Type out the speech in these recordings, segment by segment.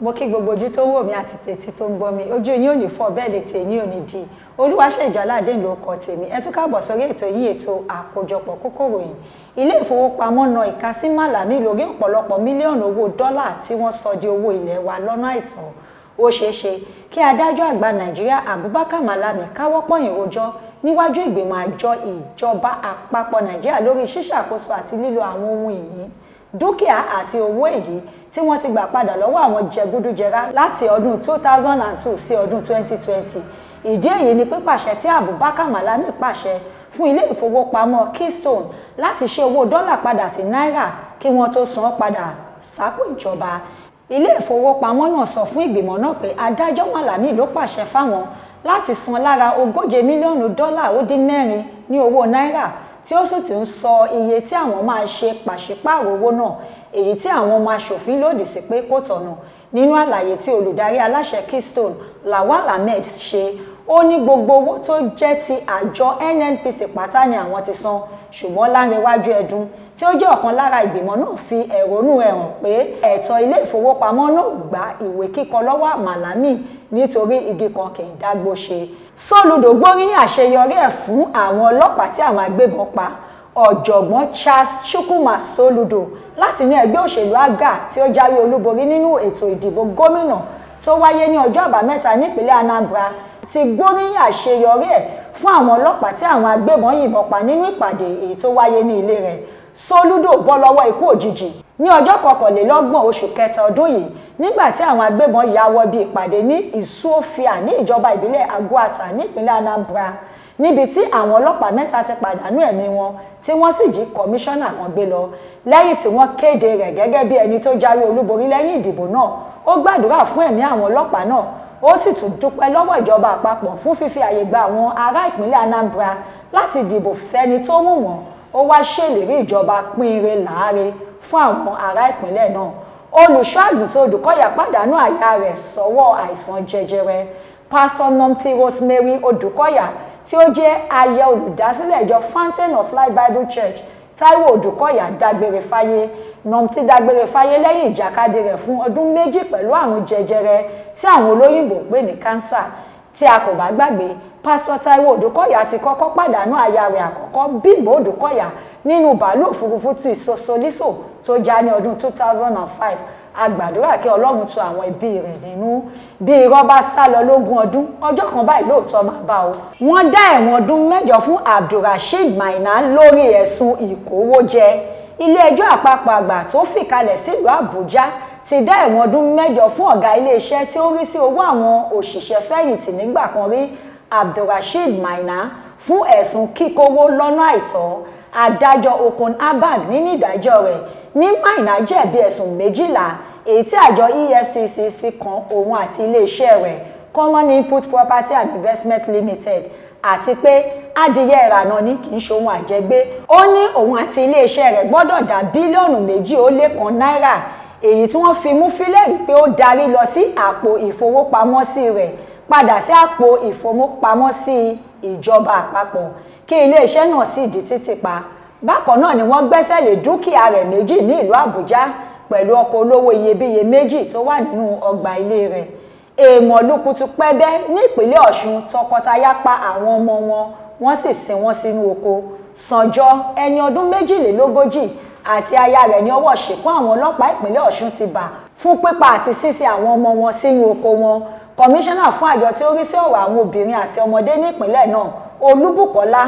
mo kí gbogbo ojú tó wò mí àti tètí tó ń gbọ́ mi ojú yín ò ní fọ́ bẹ́ẹ̀ lè tèmi ò ní di olúwaṣẹ́jọ́ aládé ló kọ tèmi ẹ tún káàbọ̀ sórí ètò yìí ètò àkójọpọ̀ kókó ìròyìn ilé ìfowópamọ́ na ìka sí màlámì lórí ọ̀pọ̀lọpọ̀ mílíọ̀nù owó dọ́là tí wọ́n sọ di owó ilé wa lọ́nà àìtọ́ ó ṣeé ṣe kí adájọ́ àgbà nàìjíríà abubakar malami káwọ́ pọ̀yìn rojọ́ níwájú ìgbìmọ̀ àjọ ìjọba àpapọ̀ nàìjíríà lórí ṣíṣàkóso àti lílo àwọn ohun ìní dúkìá àti owó èyí tí wọ́n ti gbà padà lọ́wọ́ àwọn jẹgúdújẹrá láti ọdún 2002 sí ọdún 2020 ìdí èyí ni pípàṣẹ tí Abubakar Malami pàṣẹ fún ilé ìfowópamọ́ Keystone láti ṣe owó dọ́là padà sí náírà kí wọ́n tó san án padà sápò ìjọba ilé ìfowópamọ́ náà sọ fún ìgbìmọ̀ náà pé adájọ́ Malami ló pàṣẹ fáwọn láti san lára ogóje mílíọ̀nù dọ́là ó dín mẹ́rin ní owó náírà tí ó sì ti ń sọ iye tí àwọn máa ṣe pàṣípààrọ̀ owó náà èyí tí àwọn ọmọ aṣòfin lòdì sí pé kò tọ̀nà nínú àlàyé tí olùdarí aláṣẹ Keystone Lawal Ahmed ṣe ó ní gbogbo owó tó jẹ́ ti àjọ NNPC pátá ni àwọn ti san ṣùgbọ́n Lárẹ̀wájú Ẹdùn tí ó jẹ́ ọ̀kan lára ìgbìmọ̀ náà fi ẹ̀rọnú ẹ̀ hàn pé ẹ̀tọ́ ilé ìfowópamọ́ náà gba ìwé kíkọ lọ́wọ́ Màlámì nítorí igi kan kì í dágbó ṣe sólùdò gbóríyìn àṣeyọrí ẹ̀ fún àwọn ọlọ́pàá tí àwọn agbébọn pa ọ̀jọ̀gbọ́n Charles Chukwuma Soludo láti inú ẹgbẹ́ òṣèlú AGA tí ó jáwé olúborí nínú ètò ìdìbò gómìnà tó wáyé ní ọjọ́ àbámẹ́ta nípínlẹ̀ Anambra ti gbóríyìn àṣeyọrí ẹ̀ fún àwọn ọlọ́pàá tí àwọn agbébọn yìnbọn pa nínú ìpàdé èyí tó wáyé ní ilé rẹ̀ Soludo bọ́ lọ́wọ́ ikú òjijì ní ọjọ́ kọkànlélọ́gbọ̀n oṣù kẹta ọdún yìí nígbà tí àwọn agbébọn ya wọ bí ìpàdé ní Isuofia ní ìjọba ìbílẹ̀ Aguata nípínlẹ̀ Anambra níbi tí àwọn ọlọ́pàá mẹ́ta ti pàdánù ẹ̀mí wọn tí wọ́n sì jí kọmíṣánná kan gbé lọ lẹ́yìn tí wọ́n kéde rẹ̀ gẹ́gẹ́ bí ẹni tó jáwé olúborí lẹ́yìn ìdìbò náà ó gbàdúrà fún ẹ̀mí àwọn ọlọ́pàá náà ó sì tún dúpẹ́ lọ́wọ́ ìjọba àpapọ̀ fún fífi àyè gba àwọn ará ìpínlẹ̀ Anambra láti dìbò fẹ́ni tó wù wọ́n ó wá ṣèlérí ìjọba pínire láàre fún àwọn ará ìpínlẹ̀ náà olùṣọ́ àgùntàn Odùkọ̀yà pàdánù àyà rẹ̀ sọ́wọ́ àìsàn jẹjẹrẹ pásọ Nomthy Rosemary Odùkọ̀yà tí ó jẹ́ aya olùdásílẹ̀ ìjọ Fountain of Life Bible Church Táíwò Odùkọ̀yà dágbére fáyé Nomthy dágbére fáyé lẹ́yìn ìjàkadì rẹ̀ fún ọdún méjì pẹ̀lú àrùn jẹjẹrẹ tí àwọn olóyìnbó ń pè ní cancer tí a kò bá gbàgbé pásọ Táíwò Odùkọ̀yà ti kọ́kọ́ pàdánù aya rẹ̀ àkọ́kọ́ Bímbọ́ Odùkọ̀yà nínú bàálù òfurufú ti Sosoliso tó já ní ọdún 2005 a gbàdúrà kí ọlọ́run tu àwọn ẹbí rẹ̀ nínú bí irọ́ bá sá lọ lógún ọdún ọjọ́ kan báyìí lóòótọ́ máa bá o. wọ́n dá ẹ̀wọ̀n ọdún mẹ́jọ fún Abdulrasheed Maina lórí ẹ̀sùn ìkówójẹ ilé-ẹjọ́ àpapọ̀ àgbà tó fìkalẹ̀ sílùú Àbújá ti dá ẹ̀wọ̀n ọdún mẹ́jọ fún ọ̀gá iléeṣẹ́ tí ó rí sí owó àwọn òṣìṣẹ́ fẹ̀yìntì nígbà kan rí Abdulrasheed Maina fún ẹ̀sùn kíkówó lọ́nà àìtọ́ adájọ́ okon abag nínú ìdájọ́ rẹ̀ ní maina jẹ̀bi ẹ̀sùn méjìlá èyí tí àjọ efcc fi kan òun àti iléeṣẹ́ rẹ̀ common input property and investment limited àti pé adìyẹ ìrànà ní kì í ṣohun àjẹgbé ó ní òun àti iléeṣẹ́ rẹ̀ gbọ́dọ̀ dá bílíọ̀nù méjì ó lé kan náírà èyí tí wọ́n fi mú fílẹ̀rì pé ó darí lọ sí àpò ìfowópamọ́sí rẹ̀ padà sí àpò ìfowópamọ́sí ìjọba àpapọ̀ kí iléeṣẹ́ náà sì di títì pa bákan náà ni wọ́n gbẹ́sẹ̀ lé dúkìá rẹ̀ méjì ní ìlú Àbújá pẹ̀lú ọkọ̀ olówó iyebíye méjì tó wà nínú ọgbà ilé rẹ̀ èèmọ̀ lukutu pẹ́bẹ́ nípínlẹ̀ Ọ̀ṣun tọkọtaya pa àwọn ọmọ wọn wọ́n sì sin wọn sínú oko Sànjọ ẹni ọdún méjìlélógójì àti aya rẹ̀ ní ọwọ́ ṣìkún àwọn ọlọ́pàá ìpínlẹ̀ Ọ̀ṣun ti bà fún pípa àti sísí àwọn ọmọ wọn sínú oko wọn kọmíṣánná fún àjọ tí ó rí sí ọ̀rọ̀ àwọn obìnrin àti ọmọdé nípínlẹ̀ náà olúbùkọ́lá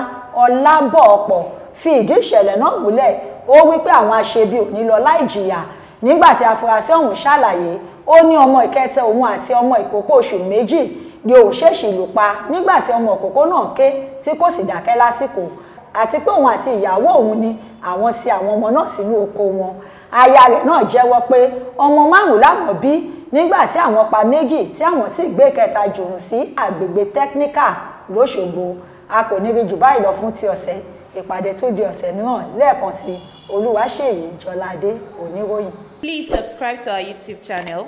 ọlábọ̀ọ̀pọ̀ fi ìdí ìṣẹ̀lẹ̀ náà múlẹ̀ ó wí pé àwọn aṣebi ò ní lọ láì jìyà nígbà tí afurasí ọ̀hún ṣàlàyé ó ní ọmọ ìkẹtẹ òun àti ọmọ ìkókó oṣù méjì ni òun ṣèṣì lù pa nígbà tí ọmọ ìkókó náà ké tí kò sì dákẹ́ lásìkò àti pé òun àti ìyàwó òun ni àwọn sí àwọn ọmọ náà sínú oko wọn aya rẹ̀ náà jẹ́wọ́ pé ọmọ márùn-ún láwọn bí nígbà tí àwọn pa méjì tí àwọn sì gbé kẹta jùrù sí àgbègbè tẹkníkà lọ́ṣogbo a kò ní rí jù báyìí lọ fún ti ọ̀sẹ̀ ìpàdé tó di ọ̀sẹ̀ mìíràn lẹ́ẹ̀kan sí olúwaṣèyí jọládé oníròyìn. Please subscribe to our YouTube channel.